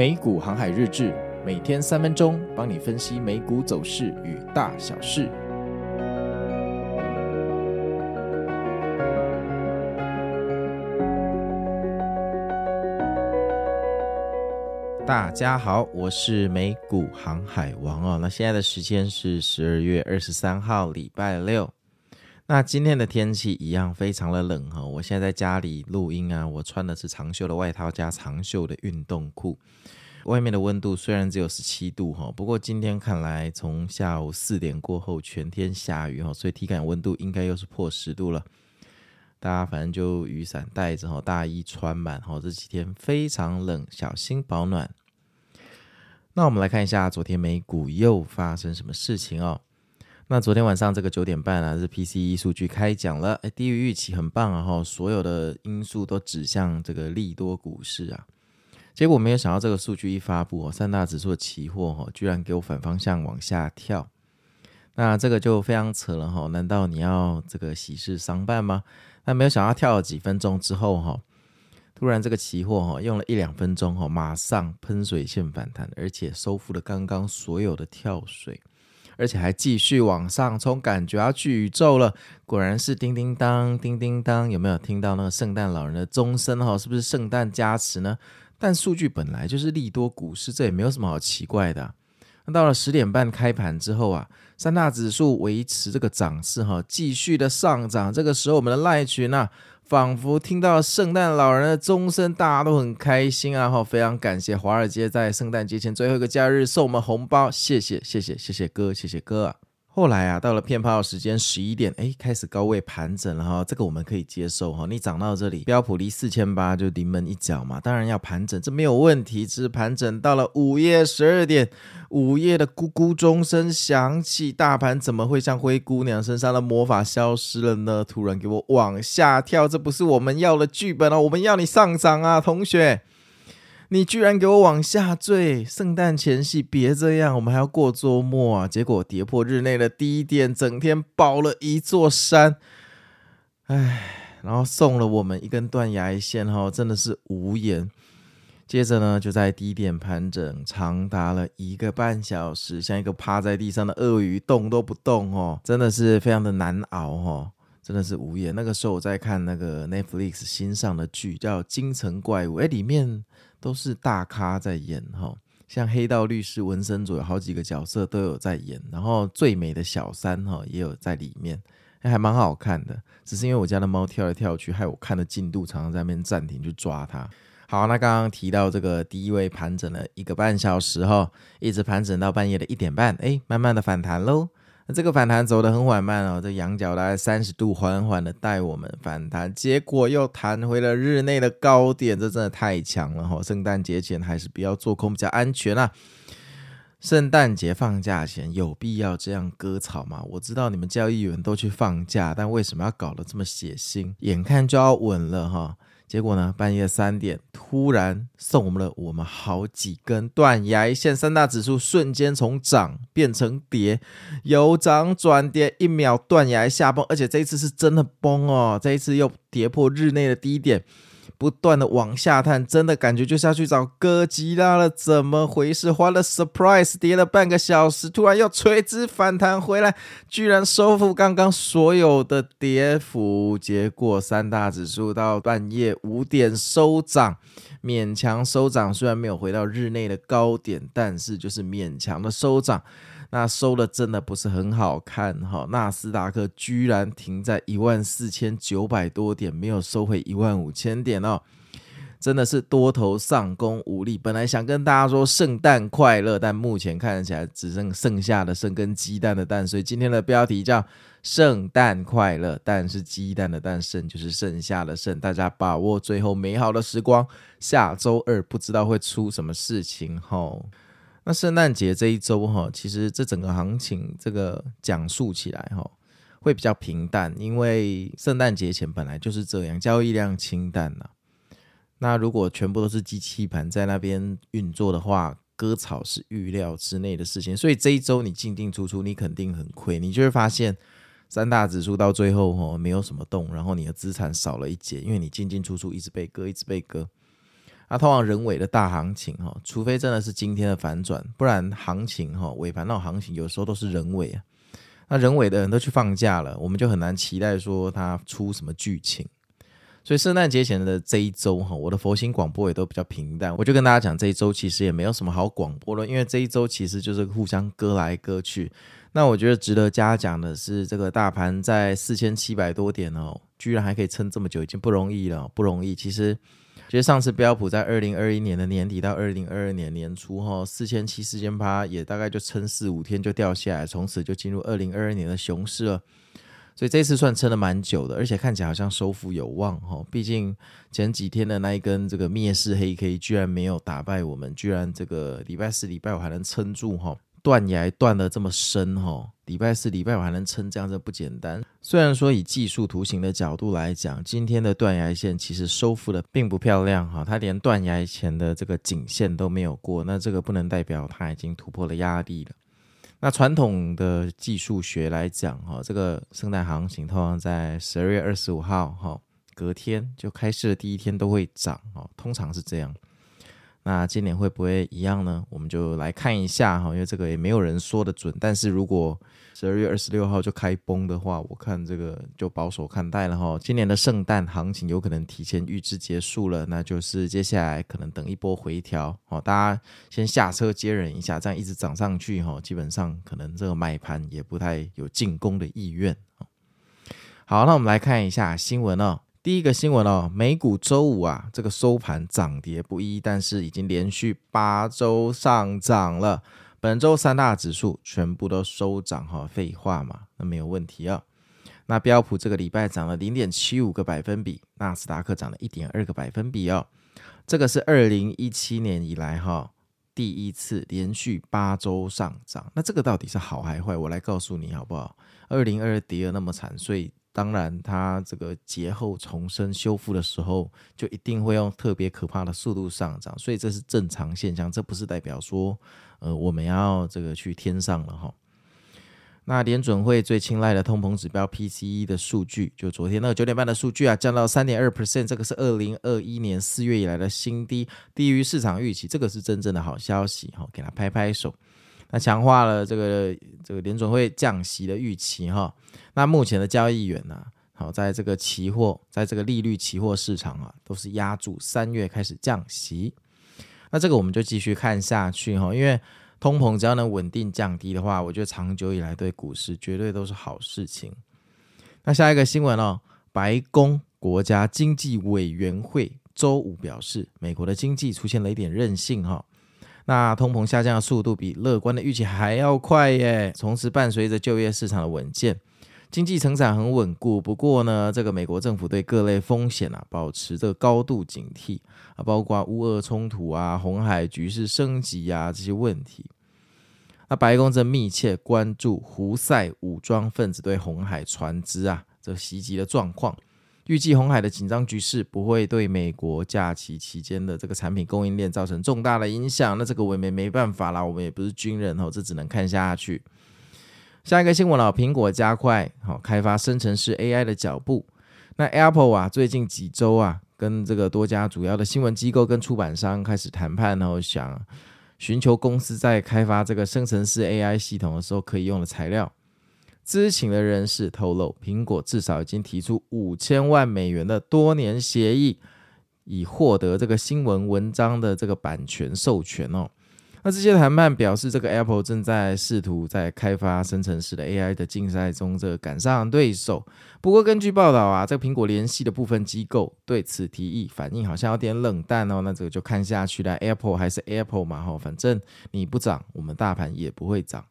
美股航海日誌，每天三分鐘，幫你分析美股走勢與大小事。大家好，我是美股航海王哦。那現在的時間是十二月二十三號，禮拜六。那今天的天氣一樣非常的冷啊。我現在在家裡錄音啊，我穿的是長袖的外套加長袖的運動褲。外面的溫度雖然只有十七度哈，不過今天看來從下午四點過後全天下雨哈，所以體感溫度應該又是破十度了。大家反正就雨傘帶着哈，大衣穿滿哈，這幾天非常冷，小心保暖。那我們來看一下昨天美股又發生什麼事情哦。那昨天晚上這個九點半啊，是 PCE 數據開獎了，哎，低於預期，很棒啊！哈，所有的因素都指向這個利多股市啊，結果沒有想到這個數據一發布，三大指數的期貨哈，居然給我反方向往下跳，那這個就非常扯了哈！難道你要這個喜事商辦嗎？但沒有想到跳了幾分鐘之後哈，突然這個期貨哈，用了一兩分鐘哈，馬上噴水線反彈，而且收復了剛剛所有的跳水。而且還繼續往上衝，感覺要去宇宙了。果然是叮叮噹，叮叮噹，有沒有聽到那個聖誕老人的鐘聲？哈，是不是聖誕加持呢？但數據本來就是利多股市，這也沒有什麼好奇怪的啊。那到了十點半開盤之後啊，三大指數維持這個漲勢啊，哈，繼續的上漲。這個時候，我們的賴群啊。仿佛聽到聖誕老人的鐘聲，大家都很開心啊！然後非常感謝華爾街在聖誕節前最後一個假日送我們紅包，謝謝謝謝謝謝哥，謝謝哥。後來啊，到了片泡時間十一點，哎，開始高位盤整了哈、哦，這個我們可以接受哈、哦。你漲到這裡，標普離四千八就臨門一腳嘛，當然要盤整，這沒有問題。只是盤整到了午夜十二點，午夜的咕咕鐘聲響起，大盤怎麼會像灰姑娘身上的魔法消失了呢？突然給我往下跳，這不是我們要的劇本哦，我們要你上漲啊，同學。你居然給我往下墜！聖誕前夕別這樣，我們還要過周末啊！結果跌破日內的低點，整天保了一座山，唉，然後送了我們一根斷崖線，哦，哈，真的是無言。接着呢，就在低點盤整長達了一個半小時，像一個趴在地上的鱷魚動都不動，哦，真的是非常的難熬，哦，真的是無言。那個時候我在看那個 Netflix 新上的劇，叫《京城怪物》，哎，裡面。都是大咖在演哈，像《黑道律師》《文森佐》有好幾個角色都有在演，然後《最美的小三》哈也有在裡面，還蠻好看的。只是因為我家的貓跳來跳去，害我看的進度常常在那邊暫停去抓它好，那剛剛提到這個第一位盤整了一個半小時哈，一直盤整到半夜的一點半，欸，慢慢的反彈嘍。這個反彈走得很緩慢哦，這羊角大概三十度，緩緩的帶我們反彈，結果又彈回了日內的高點，這真的太強了哦。聖誕節前還是不要做空比較安全啦、啊。聖誕節放假前有必要這樣割草嗎？我知道你們交易員都去放假，但為什麼要搞得這麼血腥？眼看就要穩了哈，結果呢？半夜三點突然送我們了，我們好幾根斷崖線，三大指數瞬間從漲變成跌，由漲轉跌一秒斷崖下崩，而且這一次是真的崩哦，這一次又跌破日內的低點。不斷的往下探，真的感覺就是要去找哥吉拉了，怎麼回事？花了 surprise 跌了半個小時，突然又垂直反彈回來，居然收復剛剛所有的跌幅。結果三大指數到半夜五點收漲，勉強收漲，雖然沒有回到日內的高點，但是就是勉強的收漲。那收的真的不是很好看哈，納斯達克居然停在一萬四千九百多點，沒有收回一萬五千點哦，真的是多頭上攻無力。本來想跟大家說聖誕快樂，但目前看起來只剩剩下的剩跟雞蛋的蛋，所以今天的標題叫聖誕快樂，蛋是雞蛋的蛋，剩就是剩下的剩，大家把握最後美好的時光。下周二不知道會出什麼事情吼！哦那聖誕節這一周哈，其實這整個行情這個講述起來哈，會比較平淡，因為聖誕節前本來就是這樣，交易量清淡吶啊。那如果全部都是機器盤在那邊運作的話，割草是預料之內的事情。所以這一周你進進出出，你肯定很虧，你就會發現三大指數到最後吼，沒有什麼動，然後你的資產少了一截，因為你進進出出一直被割，一直被割。那、啊、通常人為的大行情哈，除非真的是今天的反轉，不然行情哈尾盤那種行情有時候都是人為啊。那人為的人都去放假了，我們就很難期待說它出什麼劇情。所以聖誕節前的這一周哈，我的佛心廣播也都比較平淡。我就跟大家講，這一周其實也沒有什麼好廣播了，因為這一周其實就是互相割來割去。那我覺得值得嘉獎的是，這個大盤在四千七百多點哦，居然還可以撐這麼久，已經不容易了，不容易。其實。其實上次標普在二零二一年的年底到二零二二年年初，哦，哈，四千七、四千八，也大概就撐四五天就掉下來，從此就進入二零二二年的熊市了。所以這次算撐了蠻久的，而且看起來好像收復有望，哈。畢竟前幾天的那一根這個滅世黑 K 居，居然沒有打敗我們，居然這個禮拜四、禮拜五還能撐住，哦，哈。斷崖斷得這麼深哈，禮拜四、禮拜五還能撐這樣子不簡單。雖然說以技術圖形的角度來講，今天的斷崖線其實收復的並不漂亮哈，它連斷崖前的這個頸線都沒有過，那這個不能代表它已經突破了壓力了。那傳統的技術學來講哈，這個聖誕行情通常在十二月二十五號哈，隔天就開市的第一天都會漲哦，通常是這樣。那今年會不會一樣呢？我們就來看一下哈，因為這個也沒有人說得準。但是如果十二月二十六號就開崩的話，我看這個就保守看待了哈。今年的聖誕行情有可能提前預知結束了，那就是接下來可能等一波回調，哦，大家先下車接人一下，這樣一直漲上去哈，基本上可能這個買盤也不太有進攻的意願。好，那我們來看一下新聞呢、哦。第一個新聞哦，美股週五啊，這個收盤漲跌不一，但是已經連續八週上漲了。本週三大指數全部都收漲哈，廢話嘛，那沒有問題哦。那標普這個禮拜漲了零點七五個百分比，納斯達克漲了一點二個百分比哦。這個是二零一七年以來哈第一次連續八週上漲，那這個到底是好還壞？我來告訴你好不好？二零二二跌得那麼慘，所以。當然，它這個劫後重生修復的時候，就一定會用特別可怕的速度上漲，所以這是正常現象，這不是代表說，呃，我們要這個去天上了哈。那聯準會最青睞的通膨指標 PCE 的數據，就昨天那個九點半的數據啊，降到三點二 percent，這個是二零二一年四月以來的新低，低於市場預期，這個是真正的好消息哈，給它拍拍手。那強化了這個這個聯準會降息的預期哈、哦，那目前的交易員呢、啊，好在這個期貨，在這個利率期貨市場啊，都是押注三月開始降息。那這個我們就繼續看下去哈、哦，因為通膨只要能穩定降低的話，我覺得長久以來對股市絕對都是好事情。那下一個新聞哦，白宮國家經濟委員會周五表示，美國的經濟出現了一點韌性哈、哦。那通膨下降的速度比樂觀的預期還要快耶，同時伴隨着就業市場的穩健，經濟成長很穩固。不過呢，這個美國政府對各類風險啊保持着高度警惕啊，包括烏俄衝突啊、紅海局勢升級啊這些問題。那白宮正密切關注胡塞武裝分子對紅海船隻啊這襲擊的狀況。預計紅海的緊張局勢不會對美國假期期間的這個產品供應鏈造成重大的影響。那這個我們也沒辦法啦，我們也不是軍人哦，這只能看下去。下一個新聞了。啊，蘋果加快好、哦、開發生成式 AI 的腳步。那 Apple 啊，最近幾周啊，跟這個多家主要的新聞機構跟出版商開始談判，然、哦、後想尋求公司在開發這個生成式 AI 系統的時候可以用的材料。知情的人士透露，蘋果至少已經提出五千萬美元的多年協議，以獲得這個新聞文章的這個版權授權哦。那這些談判表示，這個 Apple 正在試圖在開發生成式的 AI 的競賽中，這個趕上對手。不過，根據報道啊，這個蘋果聯繫的部分機構對此提議反應好像有點冷淡哦。那這個就看下去了，Apple 還是 Apple 嘛哈、哦，反正你不漲，我們大盤也不會漲。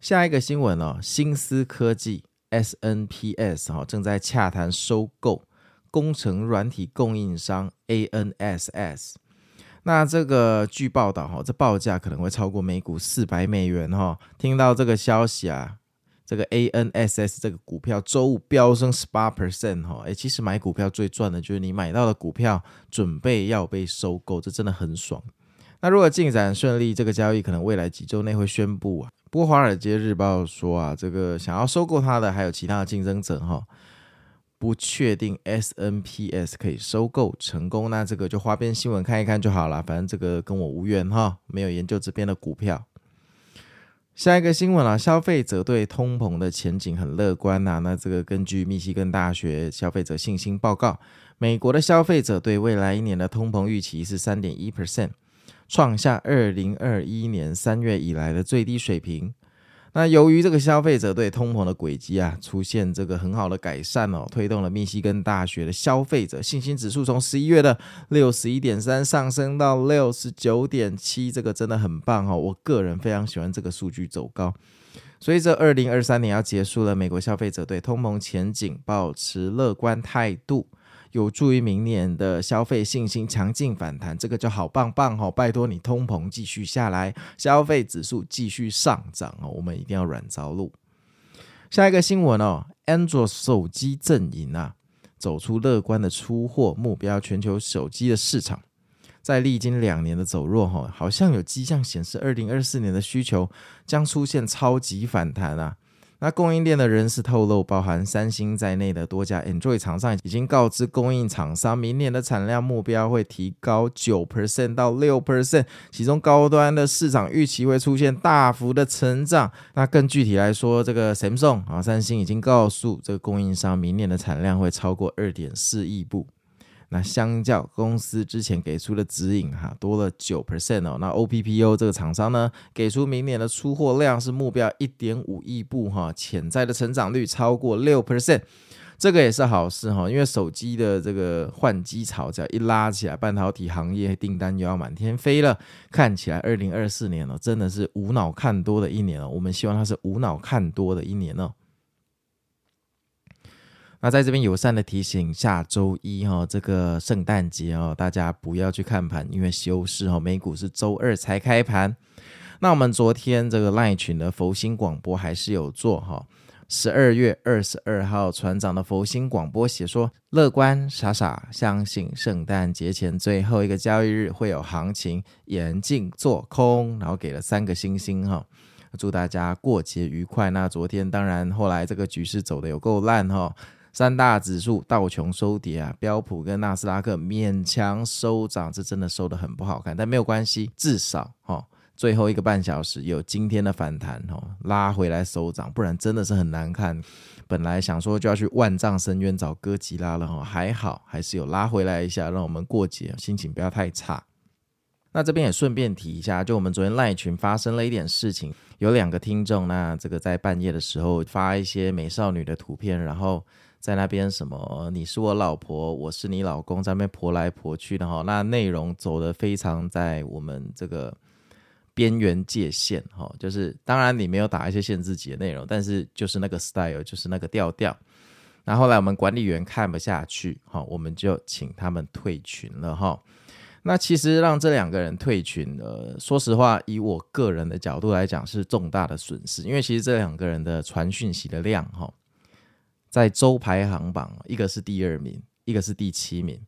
下一個新聞哦，新思科技 （SNPS） 哈正在洽談收購工程軟體供應商 ANSS。那這個據報道哈，這報價可能會超過每股四百美元哈。聽到這個消息啊，這個 ANSS 這個股票周五飆升十八 percent 哈。哎，其實買股票最賺的就是你買到的股票準備要被收購，這真的很爽。那如果進展順利，這個交易可能未來幾周內會宣布啊。不過，《華爾街日報》說啊，這個想要收購它的還有其他的競爭者哈，不確定 SNPS 可以收購成功，那這個就花邊新聞看一看就好了，反正這個跟我無緣哈，沒有研究這邊的股票。下一個新聞啊，消費者對通膨的前景很樂觀吶、啊，那這個根據密西根大學消費者信心報告，美國的消費者對未來一年的通膨預期是三點一 percent。創下二零二一年三月以來的最低水平，那由於這個消費者對通膨的軌跡啊，出現這個很好的改善哦，推動了密西根大學的消費者信心指數從十一月的六十一點三上升到六十九點七，這個真的很棒哦。我個人非常喜歡這個數據走高。所以這二零二三年要結束了，美國消費者對通膨前景保持樂觀態度。有助於明年的消費信心強勁反彈，這個就好棒棒哦，拜託你通膨繼續下來，消費指數繼續上漲哦，我們一定要軟着陸。下一個新聞哦，安卓手機陣營啊，走出樂觀的出貨目標，全球手機的市場在歷經兩年的走弱後，好像有跡象顯示，二零二四年的需求將出現超級反彈啊。那供應鏈的人士透露，包含三星在內的多家 Android 廠商已經告知供應廠商，明年的產量目標會提高九 percent 到六 percent，其中高端的市場預期會出現大幅的成長。那更具體來說，這個 Samsung 啊，三星已經告訴這個供應商，明年的產量會超過二點四億部。那相較公司之前給出的指引哈，多了九 percent 哦。那 OPPO 這個廠商呢，給出明年的出貨量是目標一點五億部哈，潛在的成長率超過六 percent，這個也是好事哈。因為手機的這個換機潮只要一拉起來，半導體行業訂單又要滿天飛了。看起來二零二四年哦，真的是無腦看多的一年了。我們希望它是無腦看多的一年哦。那在這邊友善的提醒，下周一哈、哦，這個聖誕節哦，大家不要去看盤，因為休市哈、哦，美股是周二才開盤。那我們昨天這個賴群的佛心廣播還是有做哈、哦，十二月二十二號船長的佛心廣播寫說，樂觀傻傻相信聖誕節前最後一個交易日會有行情，嚴禁做空，然後給了三個星星哈、哦，祝大家過節愉快。那昨天當然後來這個局勢走得有夠爛哈。三大指數道瓊收跌啊，標普跟納斯達克勉強收漲，這真的收得很不好看。但沒有關係，至少哦，最後一個半小時有今天的反彈哦，拉回來收漲，不然真的是很難看。本來想說就要去萬丈深淵找哥吉拉了哦，還好還是有拉回來一下，讓我們過節心情不要太差。那這邊也順便提一下，就我們昨天賴群發生了一點事情，有兩個聽眾，那這個在半夜的時候發一些美少女的圖片，然後。在那邊什麼？你是我老婆，我是你老公，在那邊婆來婆去的哈。那內容走得非常在我們這個邊緣界限哈。就是當然你沒有打一些限制級的內容，但是就是那個 style，就是那個調調。那後來我們管理員看不下去哈，我們就請他們退群了哈。那其實讓這兩個人退群呃，說實話，以我個人的角度來講是重大的損失，因為其實這兩個人的傳訊息的量哈。在週排行榜，一個是第二名，一個是第七名。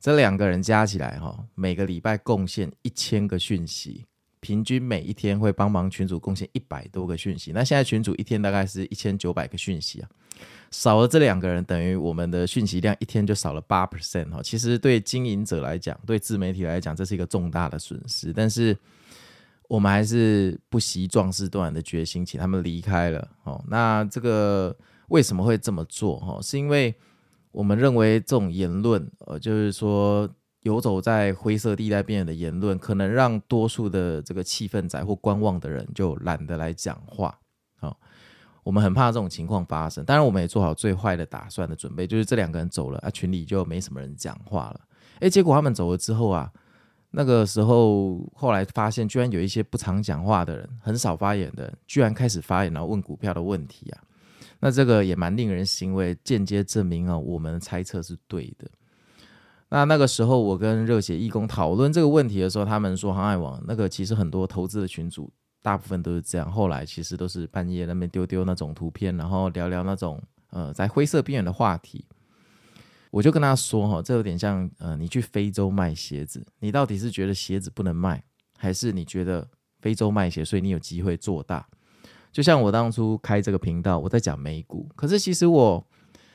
這兩個人加起來，哈，每個禮拜貢獻一千個訊息，平均每一天會幫忙群主貢獻一百多個訊息。那現在群主一天大概是一千九百個訊息啊，少了這兩個人，等於我們的訊息量一天就少了八 percent 哈。其實對經營者來講，對自媒體來講，這是一個重大的損失。但是我們還是不惜壯士斷腕的決心，請他們離開了。哦，那這個。為什麼會這麼做？哈，是因為我們認為這種言論，呃，就是說游走在灰色地帶邊緣的言論，可能讓多數的這個氣氛在或觀望的人就懶得來講話。好，我們很怕這種情況發生，當然我們也做好最壞的打算的準備，就是這兩個人走了啊，群裡就沒什麼人講話了。哎，結果他們走了之後啊，那個時候後來發現，居然有一些不常講話的人，很少發言的人，居然開始發言，然後問股票的問題啊。那這個也蠻令人欣慰，間接證明了、啊、我們的猜測是對的。那那個時候，我跟熱血義工討論這個問題的時候，他們說航海王那個其實很多投資的群組大部分都是這樣。後來其實都是半夜那邊丟丟那種圖片，然後聊聊那種呃在灰色邊緣的話題。我就跟他說哈，這有點像呃你去非洲賣鞋子，你到底是覺得鞋子不能賣，還是你覺得非洲賣鞋，所以你有機會做大？就像我當初開這個頻道，我在講美股，可是其實我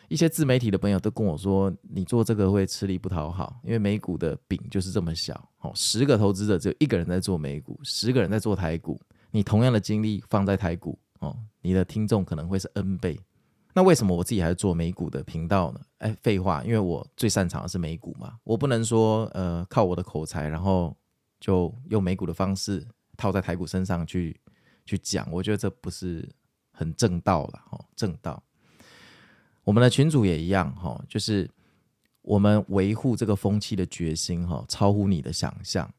一些自媒體的朋友都跟我說，你做這個會吃力不討好，因為美股的餅就是這麼小，哦，十個投資者只有一個人在做美股，十個人在做台股，你同樣的精力放在台股，哦，你的聽眾可能會是 N 倍。那為什麼我自己還是做美股的頻道呢？哎，廢話，因為我最擅長的是美股嘛，我不能說呃靠我的口才，然後就用美股的方式套在台股身上去。去講，我覺得這不是很正道了哈、哦，正道。我們的群主也一樣哈、哦，就是我們維護這個風氣的決心哈、哦，超乎你的想象。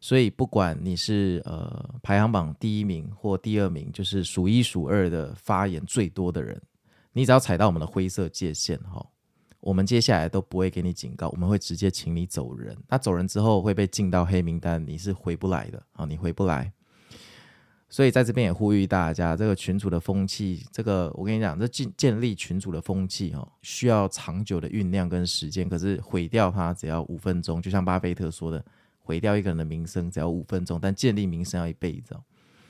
所以不管你是呃排行榜第一名或第二名，就是數一數二的發言最多的人，你只要踩到我們的灰色界限哈、哦，我們接下來都不會給你警告，我們會直接請你走人。那走人之後會被進到黑名單，你是回不來的啊、哦，你回不來。所以在這邊也呼籲大家，這個群組的風氣，這個我跟你講，這建建立群組的風氣哦，需要長久的醞釀跟時間，可是毀掉它只要五分鐘，就像巴菲特說的，毀掉一個人的名聲只要五分鐘，但建立名聲要一輩子、哦。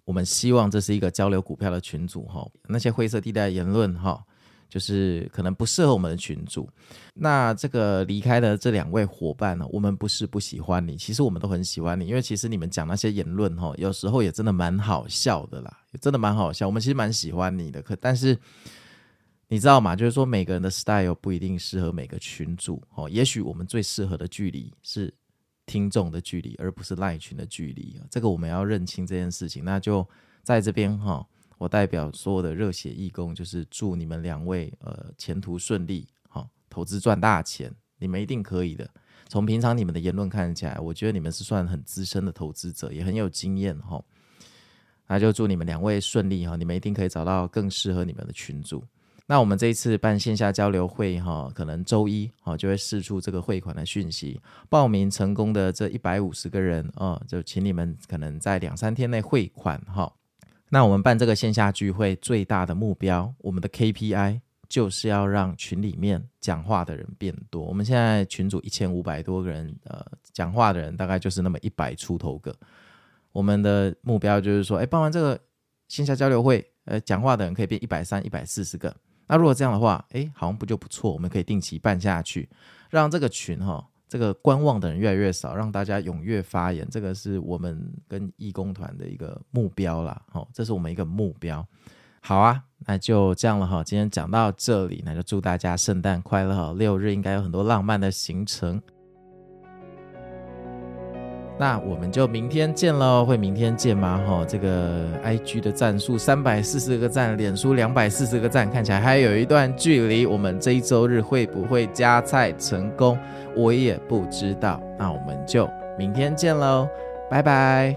我們希望這是一個交流股票的群組哈、哦，那些灰色地帶言論哈、哦。就是可能不適合我們的群組。那這個離開的這兩位夥伴呢，我們不是不喜歡你，其實我們都很喜歡你，因為其實你們講那些言論哈，有時候也真的蠻好笑的啦，也真的蠻好笑。我們其實蠻喜歡你的，可但是你知道嗎？就是說每個人的 style 不一定適合每個群組哦。也許我們最適合的距離是聽眾的距離，而不是賴群的距離。這個我們要認清這件事情。那就在這邊哈。我代表所有的熱血義工，就是祝你們兩位呃前途順利，好、哦、投資賺大錢，你們一定可以的。從平常你們的言論看起來，我覺得你們是算很資深的投資者，也很有經驗哈、哦。那就祝你們兩位順利哈、哦，你們一定可以找到更適合你們的群組。那我們這一次辦線下交流會哈、哦，可能周一哦就會試出這個匯款的訊息，報名成功的這一百五十個人啊、哦，就請你們可能在兩三天內匯款哈。哦那我們辦這個線下聚會最大的目標，我們的 KPI 就是要讓群裡面講話的人變多。我們現在群組一千五百多個人，呃，講話的人大概就是那麼一百出頭個。我們的目標就是說，哎，辦完這個線下交流會，呃，講話的人可以變一百三、一百四十個。那如果這樣的話，哎，好像不就不錯？我們可以定期辦下去，讓這個群哈、哦。這個觀望的人越來越少，讓大家踴躍發言，這個是我們跟義工團的一個目標啦。好，這是我們一個目標。好啊，那就這樣了哈，今天講到這裡，那就祝大家聖誕快樂哈，六日應該有很多浪漫的行程。那我們就明天見嘍，會明天見嗎？吼，這個 IG 的讚數三百四十個讚，臉書兩百四十個讚，看起來還有一段距離。我們這一週日會不會加菜成功？我也不知道。那我們就明天見嘍，拜拜。